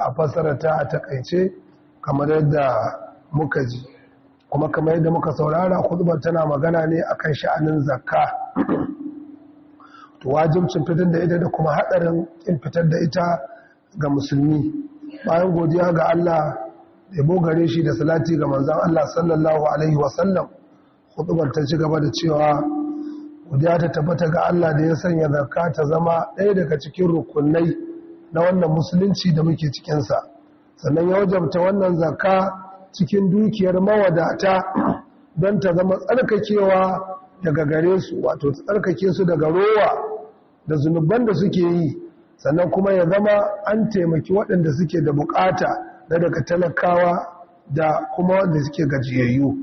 a fassara ta a takaice kamar yadda muka ji kuma kamar yadda muka saurara kudubar tana magana ne a kan sha'anin zakka to wajibcin fitar da ita da kuma hadarin in fitar da ita ga musulmi bayan godiya ga Allah da gare shi da salati ga manzan Allah sallallahu alaihi wasallam kudubar ta ci gaba da cewa godiya ta tabbata ga Allah da ya sanya zakka ta zama ɗaya daga cikin rukunai na wannan musulunci da muke cikinsa sannan ya wajabta wannan zakka cikin dukiyar mawadata don ta zama tsarkakewa daga gare su wato tsarkake su daga rowa da zunuban da suke yi sannan kuma ya zama an taimaki waɗanda suke da bukata na daga talakawa da kuma wanda suke gajiyayyu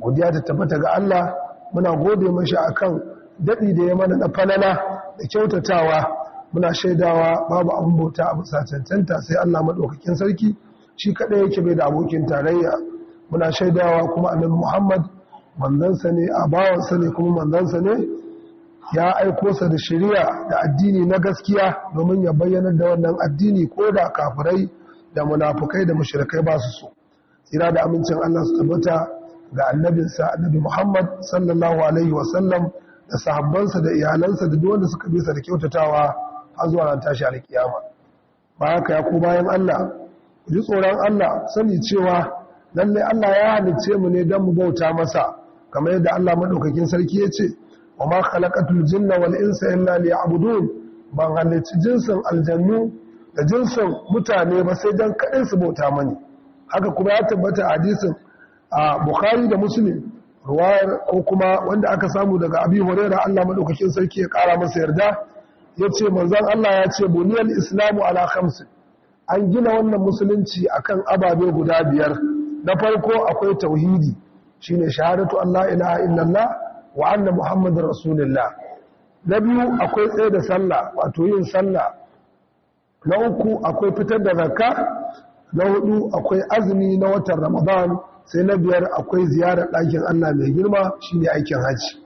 godiya ta tabbata ga Allah muna gode mashi akan daɗi da ya mana na falala da kyautatawa muna shaidawa babu abin bauta a bisa cancanta sai Allah madaukakin sarki shi kaɗai yake bai da abokin tarayya muna shaidawa kuma annabi Muhammad manzansa ne a bawansa ne kuma manzansa ne ya aiko sa da shari'a da addini na gaskiya domin ya bayyana da wannan addini ko da kafirai da munafukai da mushrikai ba su so tsira da amincin Allah su tabbata ga annabinsa annabi Muhammad sallallahu alaihi sallam da sahabbansa da iyalansa da duk wanda suka bisa da kyautatawa har zuwa nan tashi kiyama ba haka ya ku bayan Allah ku ji tsoron Allah sani cewa lalle Allah ya halice mu ne don mu bauta masa kamar yadda Allah madaukakin sarki ya ce wa ma khalaqatul jinna wal insa illa liya'budun ban halicci jinsin aljannu da jinsin mutane ba sai dan kaɗai su bauta mani haka kuma ya tabbata hadisin a Bukhari da Muslim ruwayar ko kuma wanda aka samu daga Abi Hurairah Allah madaukakin sarki ya kara masa yarda yace manzon Allah ya ce buniyar islamu ala kamsi an gina wannan musulunci akan ababe guda biyar na farko akwai tauhidi shi shine shahadatu Allah ilaha illallah wa anna muhammadin rasulillah. na biyu akwai tsaye da sallah wato yin sallah na uku akwai fitar da zarka na hudu akwai azumi na watan ramadan sai na biyar akwai ziyarar ɗakin Allah mai girma shi ne aikin hajji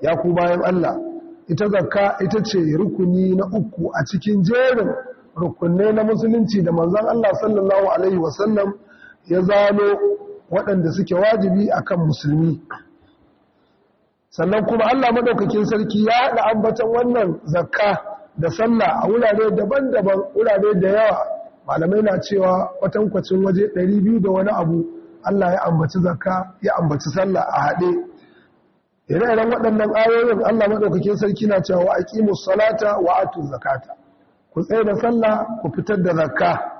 ya ku bayan Allah ita zakka ita ce rukuni na uku a cikin jerin rukunai na musulunci da manzan Allah sallallahu alaihi wasallam ya zano waɗanda suke wajibi akan musulmi sannan kuma Allah madaukakin sarki ya haɗa ambatan wannan zakka da sallah a wurare daban-daban wurare da yawa malamai na cewa kwatankwacin waje 200 da wani abu Allah ya ambaci zakka ya ambaci sallah a haɗe ire-iren waɗannan ayoyin Allah maɗaukakin sarki na cewa aqimu salata wa atu zakata ku tsaye da sallah ku fitar da zakka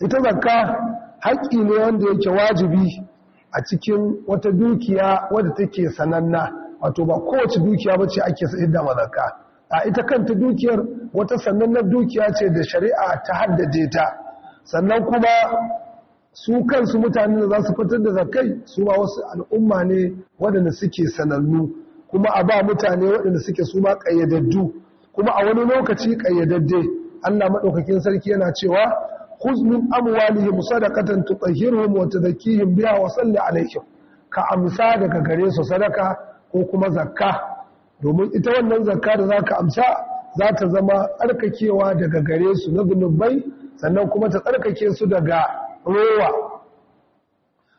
ita zakka haƙƙi ne wanda yake wajibi a cikin wata dukiya wadda take sananna wato ba kowace dukiya bace ake sayar da zakka a ita kanta dukiyar wata sanannar dukiya ce da shari'a ta haddace ta sannan kuma su kansu mutane da za su fitar da zakai su ma wasu al'umma ne waɗanda suke sanannu kuma a ba mutane waɗanda suke su ba ƙayyadaddu kuma a wani lokaci ƙayyadadde Allah maɗaukakin sarki yana cewa khuz min amwalihim sadaqatan tutahhiruhum wa tuzakkihim biha wa salli alaihim ka amsa daga gare su sadaka ko kuma zakka domin ita wannan zakka da zaka amsa za ta zama tsarkakewa daga gare su na zunubai sannan kuma ta tsarkake su daga rowa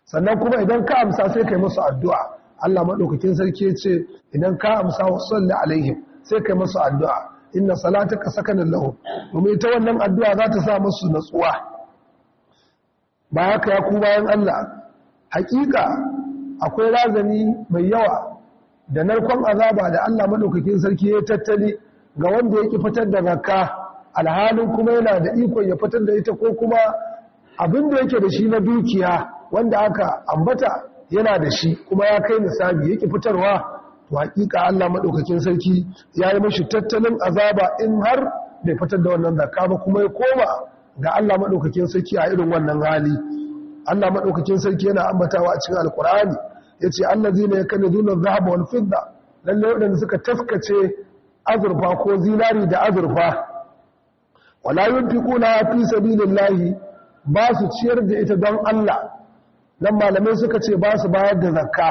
sannan kuma idan ka amsa sai ka kai masu addu'a Allah madaukakin sarki ce idan ka amsa wa salli alaihim sai kai masu addu'a inna salataka sakanan lahu domin ta wannan addu'a za ta sa masu natsuwa ba haka ya ku bayan Allah hakika akwai razani mai yawa da narkon azaba da Allah madaukakin sarki ya tattali ga wanda yake fitar da zakka alhalin kuma yana da ikon ya fitar da ita ko kuma abin da yake da shi na dukiya wanda aka ambata yana da shi kuma ya kai misali yake fitarwa to hakika Allah madaukakin sarki ya yi mashi tattalin azaba in har bai fitar da wannan zakka ba kuma ya koma ga Allah madaukakin sarki a irin wannan hali Allah madaukakin sarki yana ambatawa a cikin alkur'ani yace ya yakunuzuna zahab wal fidda lalle wadanda suka taskace azurfa ko zinari da azurfa wala yunfiquna fi sabilillahi ba su ciyar da ita don Allah dan malamai suka ce ba su bayar da zakka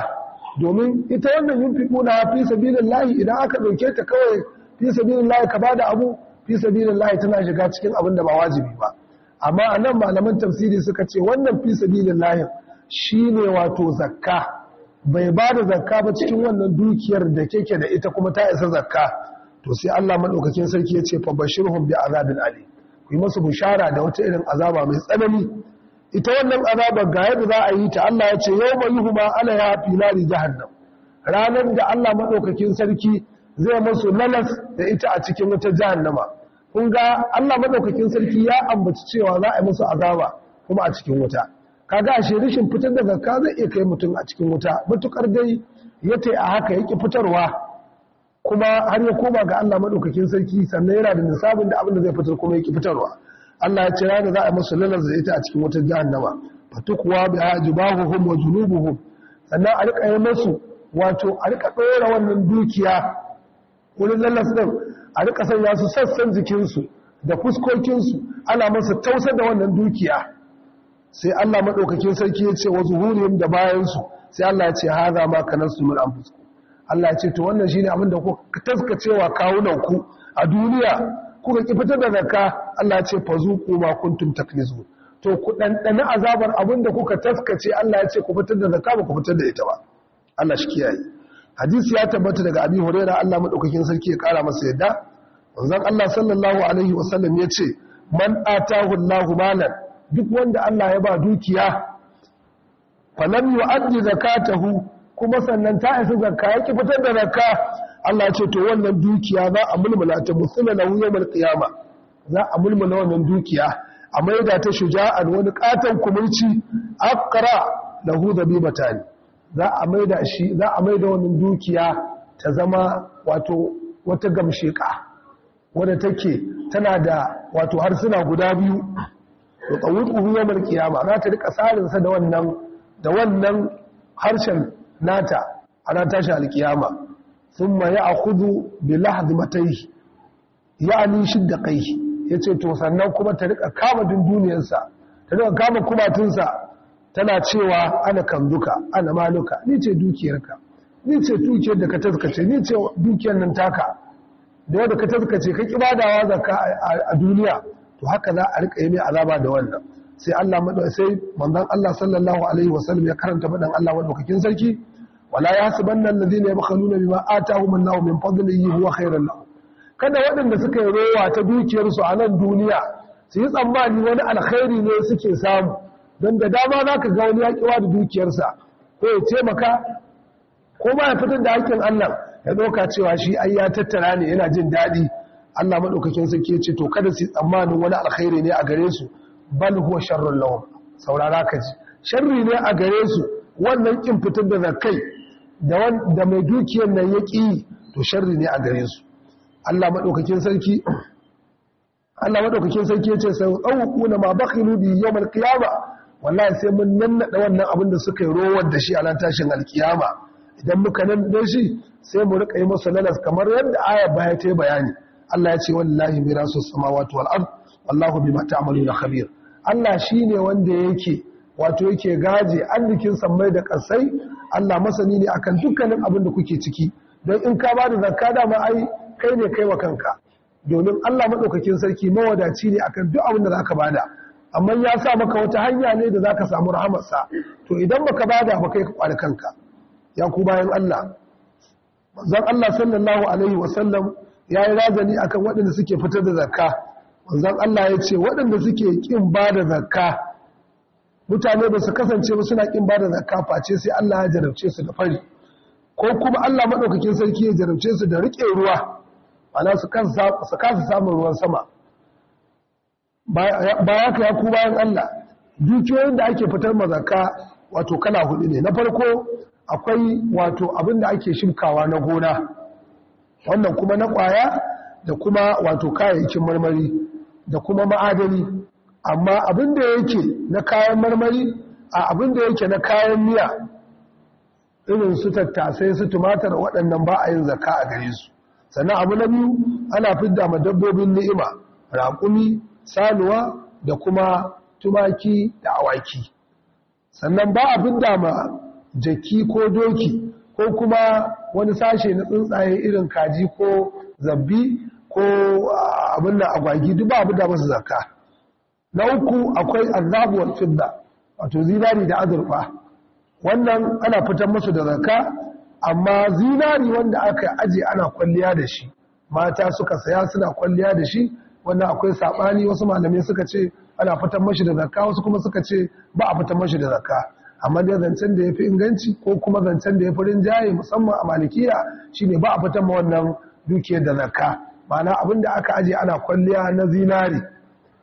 domin ita wannan yunfiquna fi layi idan aka ɗauke ta kawai fi layi ka bada abu fi layi tana shiga cikin abin da ba wajibi ba amma a nan malaman tafsiri suka ce wannan fi shi shine wato zakka bai ba da zakka ba cikin wannan dukiyar da keke da ita kuma ta isa zakka to sai Allah madaukakin sarki ya ce fa bashirhum bi azabin ali yi masu bishara da wata irin azaba mai tsanani ita wannan azabar ga yadda za a yi ta Allah ya ce yau mai yuhu ma ana ya fi nari jahannam ranar da Allah maɗaukakin sarki zai masu lalas da ita a cikin wata jahannama kun ga Allah maɗaukakin sarki ya ambaci cewa za a yi masu azaba kuma a cikin wuta kaga ashe rashin fitar daga zakka zai iya kai mutum a cikin wuta matukar dai ya a haka yake fitarwa kuma har ya koma ga Allah madaukakin sarki sannan yana da nisabin da abin da zai fitar kuma yake fitarwa Allah ya ce da za a masu lalar da ita a cikin wata jahannama fatukuwa bi ajibahuhum wa junubuhum sannan a rika yi masu wato a rika ɗora wannan dukiya wurin lalas din a rika sanya su sassan jikinsu da fuskokinsu ana masa tausar da wannan dukiya sai Allah madaukakin sarki ya ce wa zuhurihim da bayansu sai Allah ya ce haza ma kanasu min anfusikum Allah ya ce to wannan shine abin da ku taskacewa da ku a duniya kuka ki fitar da zakka Allah ya ce fazuqu ma kuntum taklizun to ku dan azabar abin da kuka taskace Allah ya ce ku fitar da zakka ba ku fitar da ita ba Allah shi kiyaye hadisi ya tabbata daga Abi Hurairah Allah madaukakin sarki ya kara masa yadda manzon Allah sallallahu alaihi wasallam ya ce man atahu Allahu malan duk wanda Allah ya ba dukiya falam yu'addi zakatahu kuma sannan ta isa zakka ya ki fitar da zakka Allah ce to wannan dukiya za a mulmula ta musula lahu yawmal kiyama za a mulmula wannan dukiya a maida ta shuja'an wani katon kumurci aqra lahu dabibatan za a maida shi za a maida wannan dukiya ta zama wato wata gamsheka wadda take tana da wato harsuna guda biyu to qawluhu yawmal qiyama za ta rika sarin sa da wannan da wannan harshen nata ana tashi alkiyama ya ya'khudhu bi da kai ya ce to sannan kuma ta rika kama dunduniyarsa ta rika kama kumatunsa tana cewa ana kanduka ana maluka ni ce dukiyarka ni ce dukiyar da ka taskace ni ce dukiyar nan taka da yadda ka taskace ka kibadawa zakka a duniya to haka za a rika yi mai azaba da wannan sai Allah sai manzan Allah sallallahu alaihi wasallam ya karanta faɗin Allah kakin sarki wala yahsabanna alladhina yabkhaluna bima atahum Allahu min fadlihi huwa khairan lahum kada waɗanda suka yi rowa ta dukiyarsu a nan duniya su yi tsammani wani alkhairi ne suke samu don da dama za ka ga wani yaƙiwa da dukiyarsa ko ya ce maka ko ba ya fitar da haƙƙin Allah ya ɗauka cewa shi ai ya tattara ne yana jin daɗi Allah maɗaukakin sarki ce to kada su yi tsammanin wani alkhairi ne a gare su bal huwa sharrun lahum saurara ka ji sharri ne a gare su wannan kin fitar da zakai da mai dukiyar nan ya ƙi to sharri ne a gare su Allah maɗaukakin sarki ya ce sai ɗauku na ma bakilu bi yau mal kiyama wallahi sai mun nannaɗa wannan abin da suka yi rowar da shi a nan tashin alkiyama idan muka nannaɗa shi sai mu riƙa yi masa lalas kamar yadda aya baya ta bayani Allah ya ce wallahi mirasu samawati wal bi wallahu amalu na khabir Allah ne wanda yake wato yake gaje arzikin sammai da kasai Allah masani ne akan dukkanin abin da kuke ciki don in ka ba da zakka dama ai kai ne kai wa kanka domin Allah madaukakin sarki mawadaci ne akan duk abin da zaka bada amma ya sa maka wata hanya ne da za ka samu rahamarsa to idan baka bada ba kai ka kwari kanka ya ku bayan Allah manzon Allah sallallahu alaihi wasallam ya yi razani akan waɗanda suke fitar da zakka manzon Allah ya ce waɗanda suke kin bada zakka mutane ba su kasance ba suna ƙin ba da zaka face sai Allah ya jarabce su da fari ko kuma Allah maɗaukakin sarki ya jarabce su da riƙe ruwa ana su kasa samun ruwan sama Ba ya ka ya ku bayan Allah dukiyoyin da ake fitar mazaka wato kala hudu ne na farko akwai wato abin da ake shimkawa na gona wannan kuma na ƙwaya, da kuma wato kayayyakin marmari da kuma ma'adani amma abin da yake na kayan marmari a abin da yake na kayan miya irin su tattasai su tumatar waɗannan ba a yin zaka a gare su sannan abu na biyu ana fidda ma dabbobin ni'ima raƙumi sanuwa da kuma tumaki da awaki sannan ba a fidda ma jaki ko doki ko kuma wani sashe na tsuntsaye irin kaji ko zabbi ko abin da agwagi duk ba a fidda masu na uku akwai azabu wal fidda wato zinari da azurfa wannan ana fitar musu da zakka amma zinari wanda aka aje ana kwalliya da shi mata suka saya suna kwalliya da shi wannan akwai saɓani wasu malamai suka ce ana fitar mashi da zakka wasu kuma suka ce ba a fitar mashi da zakka amma dai zancen da yafi inganci ko kuma zancen da yafi rinjaye musamman a malikiya shine ba a fitar ma wannan dukiyar da zakka ma'ana abin da aka aje ana kwalliya na zinari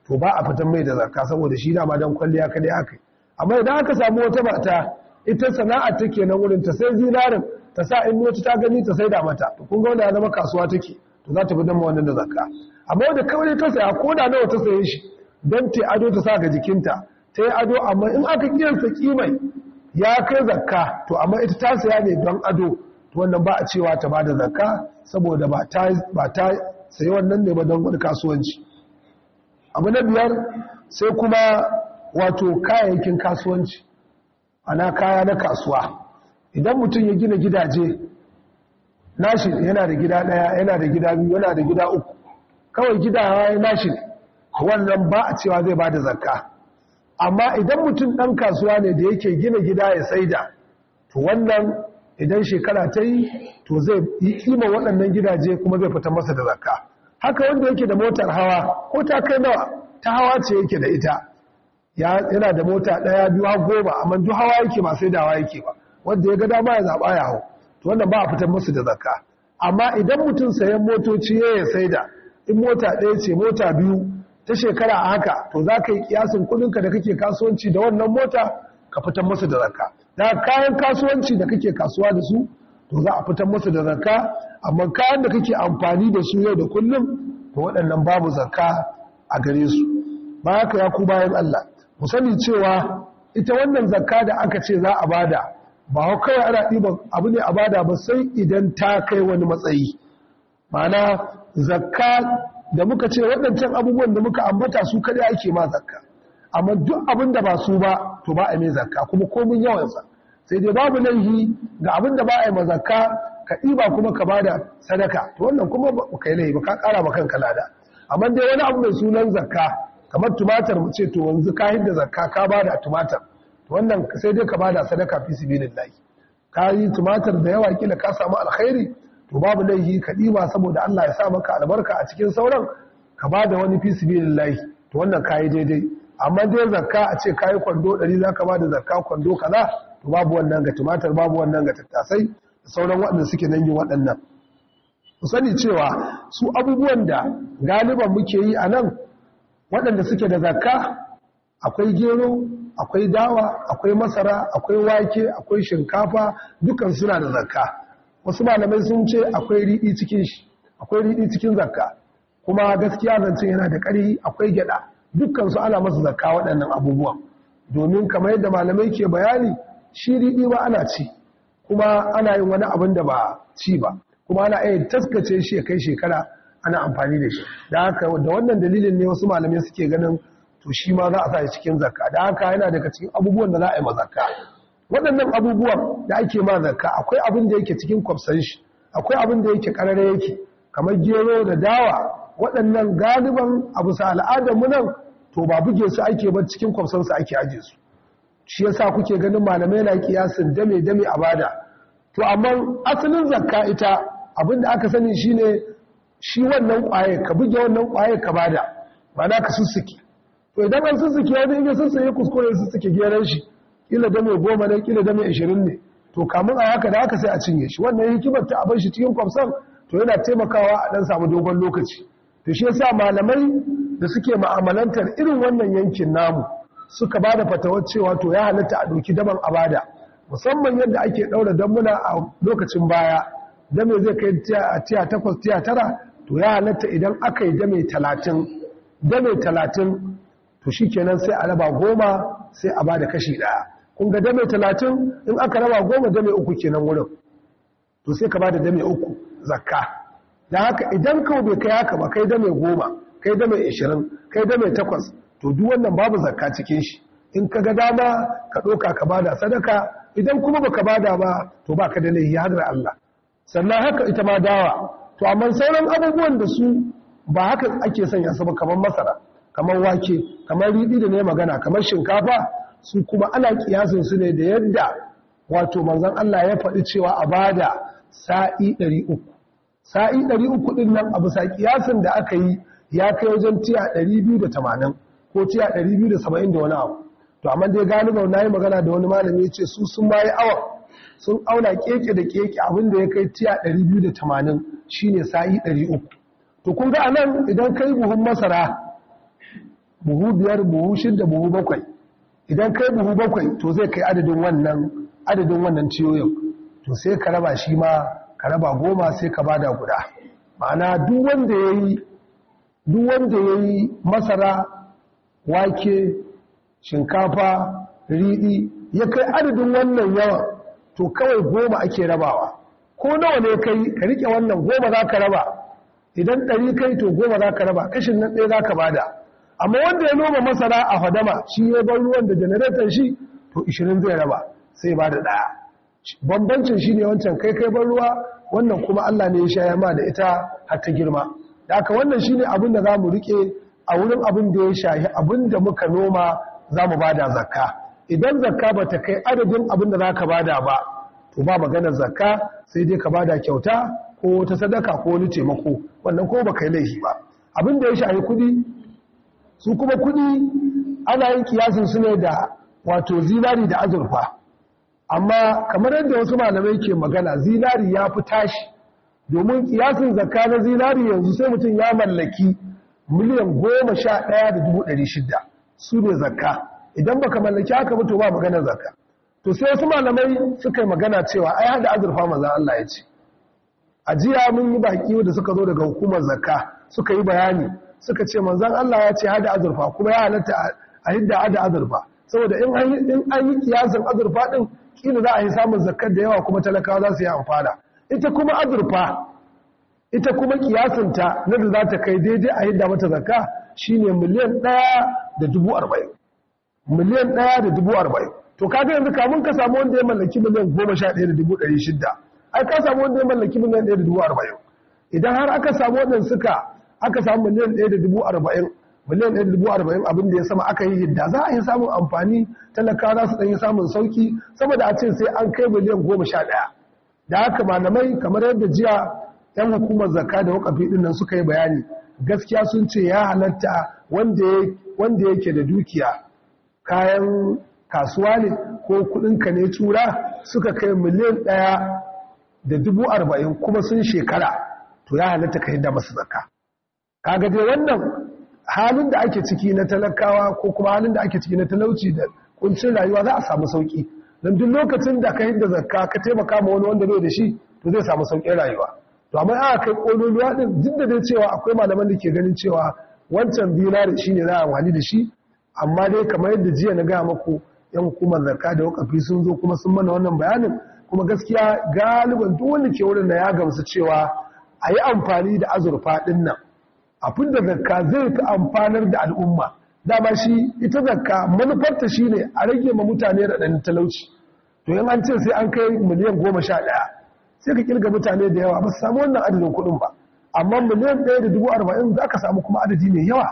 to ba a fitan mai da zakka saboda shi dama don kwalliya kadai aka yi amma idan aka samu wata mata ita sana'a take nan wurin ta sai zinarin ta sa in wata ta gani ta sai da mata to kun ga wanda ya zama kasuwa take to za ta bi dan wannan da zakka amma wanda kawai ta saya ko da nawa ta saye shi don ta ado ta sa ga jikinta ta yi ado amma in aka kiyarsa kimai ya kai zakka to amma ita ta saya ne don ado to wannan ba a cewa ta ba da zarka saboda ba ta ba ta sayi wannan ne ba don wani kasuwanci abu na biyar sai kuma wato kayayyakin kasuwanci ana kaya na kasuwa idan mutum ya gina gidaje nashi yana da gida ɗaya yana da gida biyu yana da gida uku kawai gida ya nashi wannan ba a cewa zai ba da zakka amma idan mutum ɗan kasuwa ne da yake gina gida ya saida to wannan idan shekara ta yi to zai yi kima waɗannan gidaje kuma zai fita masa da zakka haka wanda yake da motar hawa ko ta kai nawa ta hawa ce yake da ita yana da mota ɗaya biyu har goma amma duk hawa yake ba sai da yake ba wanda ya ga dama ya zaɓa ya hau to wannan ba a fitar musu da zakka amma idan mutum sayan motoci ya yi saida in mota ɗaya ce mota biyu ta shekara a haka to za ka yi kiyasin kuɗinka da kake kasuwanci da wannan mota ka fitar musu da zakka da kayan kasuwanci da kake kasuwa da su to za a fitar masa da zakka amma kayan da kake amfani da su yau da kullum to waɗannan babu zakka a gare su ba haka ya ku bayan Allah mu sani cewa ita wannan zakka da aka ce za a bada ba kawai ana ɗiban abu ne a bada ba sai idan ta kai wani matsayi mana zakka da muka ce waɗancan abubuwan da muka ambata su kaɗai ake ma zakka amma duk abin da ba su ba to ba a mai zakka kuma komin yawansa sai dai babu nan laihi ga abin da ba a yi mazaka ka ɗiba kuma ka bada sadaka to wannan kuma ba kai laifi ba ka ƙara ba kanka lada amma dai wani abu mai sunan zakka kamar tumatir mu ce to wanzu ka hidda zakka ka bada tumatir to wannan sai dai ka bada sadaka fi sabilillahi ka yi tumatir da yawa kila ka samu alkhairi to babu laihi ka ɗiba saboda Allah ya sa maka albarka a cikin sauran ka bada wani fi sabilillahi to wannan ka yi daidai amma dai zakka a ce kayi kwando ɗari za ka ba da zakka kwando kaza to babu wannan ga tumatir babu wannan ga tattasai da sauran waɗanda suke nan yi waɗannan ku sani cewa su abubuwan da galiban muke yi a nan waɗanda suke da zakka akwai gero akwai dawa akwai masara akwai wake akwai shinkafa dukan suna da zakka wasu malamai sun ce akwai riɗi cikin shi zakka kuma gaskiya zancen yana da ƙari akwai gyaɗa dukkan su ana masu zaka waɗannan abubuwan domin kamar yadda malamai ke bayani shi riɗi ba ana ci kuma ana yin wani abin da ba ci ba kuma ana iya taskace shi ya kai shekara ana amfani da shi da haka da wannan dalilin ne wasu malamai suke ganin to shi ma za a sa cikin zakka da haka yana daga cikin abubuwan da za a yi ma zakka waɗannan abubuwan da ake ma zakka akwai abin da yake cikin kwafsan shi akwai abin da yake karare yake kamar gero da dawa waɗannan galiban a bisa al'adar mu nan to ba buge su ake ba cikin kwamsan su ake aje su shi yasa kuke ganin malamai na kiyasin dame dame a bada to amma asalin zakka ita abinda aka sani shine shi wannan kwaye ka buge wannan kwaye ka bada ba na ka sussuke to idan an sussuke wani in ya sussuke kuskure sussuke gyaran shi kila dame goma ne kila dame ashirin ne to kamun a haka da haka sai a cinye shi wannan hikimar ta abin shi cikin kwamsan to yana taimakawa a dan samu dogon lokaci to shi yasa malamai da suke ma'amalantar irin wannan yankin namu suka ba da fatawar cewa to ya halatta a doki daban a bada musamman yadda ake ɗaura muna a lokacin baya dame zai kai tiya takwas tiya tara to ya halatta idan aka yi dame talatin dame talatin to shi kenan sai a raba goma sai a bada kashi ɗaya kun ga dame talatin in aka raba goma dame uku kenan wurin to sai ka bada dame uku zakka da haka idan kawai bai kai haka ba kai dame goma kai da mai 20 kai da mai takwas to duk wannan babu zakka cikin shi in ka ga dama ka ɗauka ka bada sadaka idan kuma baka bada ba to baka da ya hadar Allah sannan haka ita ma dawa to amma sauran abubuwan da su ba haka ake sanya su ba kamar masara kamar wake kamar ridi da ne magana kamar shinkafa su kuma ana kiyasin su ne da yadda wato manzon Allah ya faɗi cewa a bada sa'i 300 sa'i 300 din nan abu sa kiyasin da aka yi ya kai wajen tiya 280 ko tiya 270 da wani abu to amma dai galiba na yi magana da wani malami ya ce su sun bayi awa sun auna keke da keke abinda ya kai tiya 280 shine sa'i 300 to kun ga anan idan kai buhun masara buhu biyar buhu da buhu bakwai idan kai buhu bakwai to zai kai adadin wannan adadin wannan ciyoyin to sai ka raba shi ma ka raba goma sai ka bada guda ma'ana duk wanda ya yi duk wanda ya yi masara wake shinkafa riɗi ya kai adadin wannan yawa to kawai goma ake rabawa ko nawa ne kai ka riƙe wannan goma za ka raba idan ɗari kai to goma za ka raba kashin nan ɗaya za ka bada amma wanda ya noma masara a fadama shi ya bar ruwan da janaretan shi to 20 zai raba sai ba da ɗaya bambancin shi ne wancan kai kai bar ruwa wannan kuma allah ne ya sha ma da ita har ta girma da aka wannan shine abin da za mu riƙe a wurin abin da ya shahi abin da muka noma za mu ba zakka idan zakka ba ta kai adadin abin da za ka bada ba to ba maganar zakka sai dai ka ba da kyauta ko ta sadaka ko wani taimako wannan ko ba kai laifi ba abin da ya shahi kuɗi su kuma kuɗi ana yin kiyasin su ne da wato zinari da azurfa amma kamar yadda wasu malamai ke magana zinari ya fi tashi domin kiyasin zakka na zinari yanzu sai mutum ya mallaki miliyan goma sha ɗaya da dubu ɗari shida su ne zakka idan baka mallaki haka mutu ba maganar zakka to sai wasu malamai suka yi magana cewa ai hada azurfa maza Allah ya ce a jiya mun yi baki da suka zo daga hukumar zakka suka yi bayani suka ce manzan Allah ya ce hada azurfa kuma ya halatta a hidda hada azurfa saboda in an yi kiyasin azurfa din kila za a yi samun zakkar da yawa kuma talakawa za su yi amfana ita kuma azurfa ita kuma kiyasinta na da za ta kai daidai a yadda mata shi ne miliyan ɗaya da dubu arba'in miliyan ɗaya da dubu arba'in to kaga yanzu kamun ka samu wanda ya mallaki miliyan goma sha ɗaya da dubu ɗari shida ai ka samu wanda ya mallaki miliyan ɗaya da dubu arba'in idan har aka samu waɗanda suka aka samu miliyan ɗaya da dubu arba'in miliyan ɗaya da dubu arba'in abin da ya sama aka yi hidda za a yi samun amfani talaka za su ɗan yi samun sauki saboda a ce sai an kai miliyan goma sha ɗaya da haka malamai kamar yadda jiya yan hukumar zaka da wakafi dinnan nan suka yi bayani gaskiya sun ce ya halatta wanda yake da dukiya kayan kasuwa ne ko kudinka ne tura suka kai miliyan ɗaya da dubu arba'in kuma sun shekara to ya halatta ka yadda masu zakka kaga dai wannan halin da ake ciki na talakawa ko kuma halin da ake ciki na talauci da kuncin rayuwa za a samu sauki don duk lokacin da ka yi da zakka ka taimaka ma wani wanda bai da shi to zai samu sauƙin rayuwa to amma aka kai ƙololuwa ɗin duk da dai cewa akwai malaman da ke ganin cewa wancan da shi ne za a amfani da shi amma dai kamar yadda jiya na gaya maku yan hukumar zakka da wakafi sun zo kuma sun mana wannan bayanin kuma gaskiya galiban duk wanda ke wurin da ya gamsu cewa a yi amfani da azurfa ɗin nan a fidda zakka zai fi amfanar da al'umma dama shi ita zakka manufarta shi ne a rage ma mutane raɗanin talauci to yin an ce sai an kai miliyan goma sha ɗaya sai ka kirga mutane da yawa ba su samu wannan adadin kuɗin ba amma miliyan ɗaya da dubu arba'in za ka samu kuma adadi mai yawa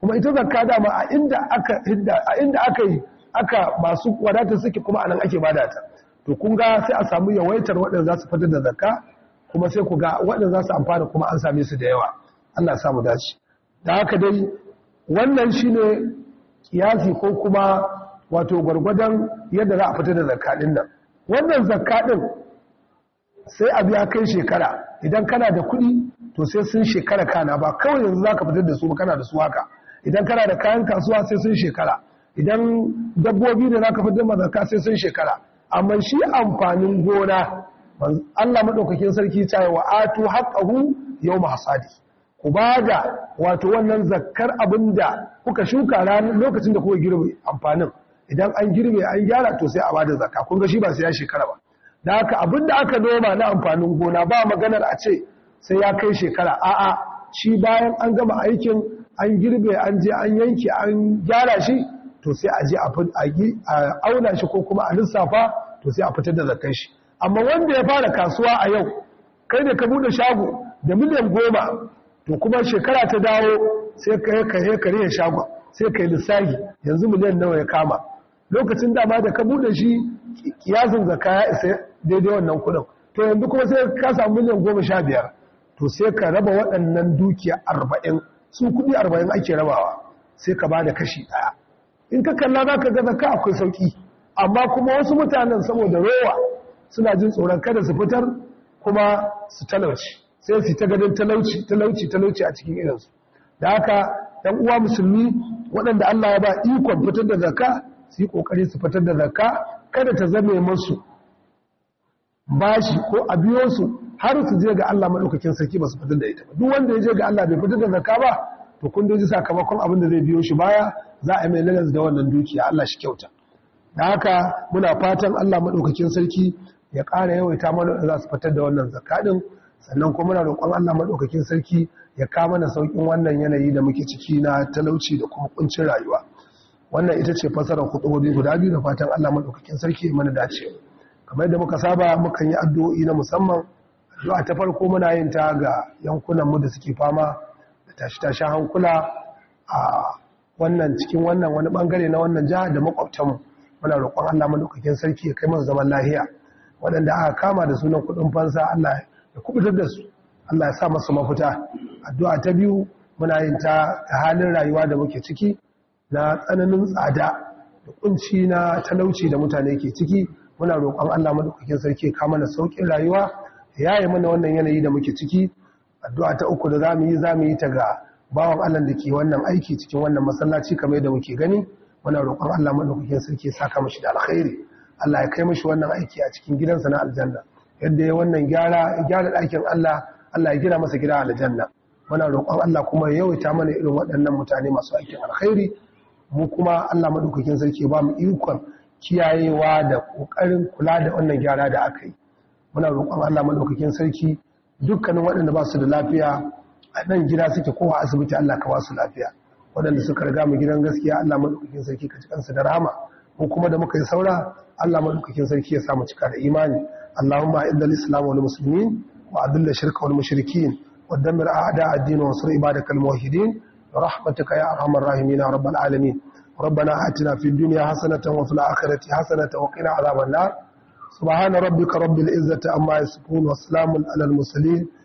kuma ita zakka dama a inda aka a inda aka yi aka masu wadatar suke kuma anan ake badata ta to kun ga sai a samu yawaitar waɗanda za su fitar da zakka kuma sai ku ga waɗanda za su amfana kuma an same su da yawa Allah ya samu dace da haka dai wannan shi shine kiyasi ko kuma wato gwargwadon yadda za a fita da zakaɗin nan wannan zakaɗin sai abu ya kai shekara idan kana da kuɗi to sai sun shekara kana ba kawai yanzu za ka fitar da su kana da su haka idan kana da kayan kasuwa sai sun shekara idan dabbobi da za ka fitar zaka sai sun shekara amma shi amfanin gona Allah maɗaukakin sarki ta yi wa atu haƙahu yau hasadi ku ba da wato wannan zakkar abin da kuka shuka ranar lokacin da kuka girbe amfanin idan an girbe an gyara to sai a ba da zakka kun ga shi ba sai ya shekara ba da haka abin da aka noma na amfanin gona ba maganar a ce sai ya kai shekara a'a shi bayan an gama aikin an girbe an je an yanke an gyara shi to sai a je a auna shi ko kuma a lissafa to sai a fitar da zakkar shi amma wanda ya fara kasuwa a yau kai da ka bude shago da miliyan goma to kuma shekara ta dawo sai ka yi kare kare ya shagon sai ka yi lissahi yanzu miliyan nawa ya kama lokacin dama da ka bude shi kiyasin zaka ya isa daidai wannan kudin to yanzu kuma sai ka samu miliyan goma sha biyar to sai ka raba waɗannan dukiya arba'in su kuɗi arba'in ake rabawa sai ka ba da kashi ɗaya in ka kalla za ka ga ka akwai sauƙi amma kuma wasu mutanen saboda rowa suna jin tsoron kada su fitar kuma su talauci sai su ta gadon talauci talauci talauci a cikin irinsu da haka ɗan uwa musulmi waɗanda Allah ya ba ikon fitar da zakka su yi ƙoƙari su fitar da zaka kada ta zame masu bashi ko a biyo su har su je ga Allah maɗaukakin sarki ba su fitar da ita ba duk wanda ya je ga Allah bai fitar da zakka ba to kun ji sakamakon abin da zai biyo shi baya za a yi mai lalas da wannan dukiya Allah shi kyauta da haka muna fatan Allah maɗaukakin sarki ya ƙara yawaita mana za su fitar da wannan zaka ɗin sannan kuma muna roƙon Allah maɗaukakin sarki ya kama na sauƙin wannan yanayi da muke ciki na talauci da kuma kuncin rayuwa wannan ita ce fasarar hudubobi guda biyu da fatan Allah maɗaukakin sarki ya mana dace kamar yadda muka saba mukan yi addu'o'i na musamman addu'a ta farko muna yin ta ga yankunan mu da suke fama da tashi-tashi hankula a wannan cikin wannan wani bangare na wannan jiha da mu muna roƙon Allah maɗaukakin sarki ya kai mana zaman lahiya waɗanda aka kama da sunan kuɗin fansa Allah da kubutar da su Allah ya sa masu mafuta addu'a ta biyu muna yin ta da halin rayuwa da muke ciki na tsananin tsada da kunci na talauci da mutane ke ciki muna roƙon Allah madaukakin sarki ka mana saukin rayuwa ya yi mana wannan yanayi da muke ciki addu'a ta uku da zamu yi zamu yi ta ga bawan Allah da ke wannan aiki cikin wannan masallaci kamar yadda muke gani muna roƙon Allah madaukakin sarki ya saka mashi da alkhairi Allah ya kai mashi wannan aiki a cikin gidansa na aljanna yadda ya wannan gyara gyara ɗakin Allah Allah ya gina masa gida aljanna muna roƙon Allah kuma ya yawaita mana irin waɗannan mutane masu aikin alkhairi mu kuma Allah madaukakin sarki ba mu ikon kiyayewa da ƙoƙarin kula da wannan gyara da aka yi muna roƙon Allah madaukakin sarki dukkanin waɗanda ba su da lafiya a nan gida suke kowa asibiti Allah ka ba su lafiya waɗanda suka riga mu gidan gaskiya Allah madaukakin sarki ka ci kansu da rahama mu kuma da muka yi saura Allah madaukakin sarki ya sa mu cika da imani اللهم أعد الإسلام والمسلمين وأذل الشرك والمشركين ودمر أعداء الدين وانصر عبادك الموحدين برحمتك يا أرحم الراحمين يا رب العالمين ربنا آتنا في الدنيا حسنة وفي الآخرة حسنة وقنا عذاب النار سبحان ربك رب العزة عما يصفون وسلام على المرسلين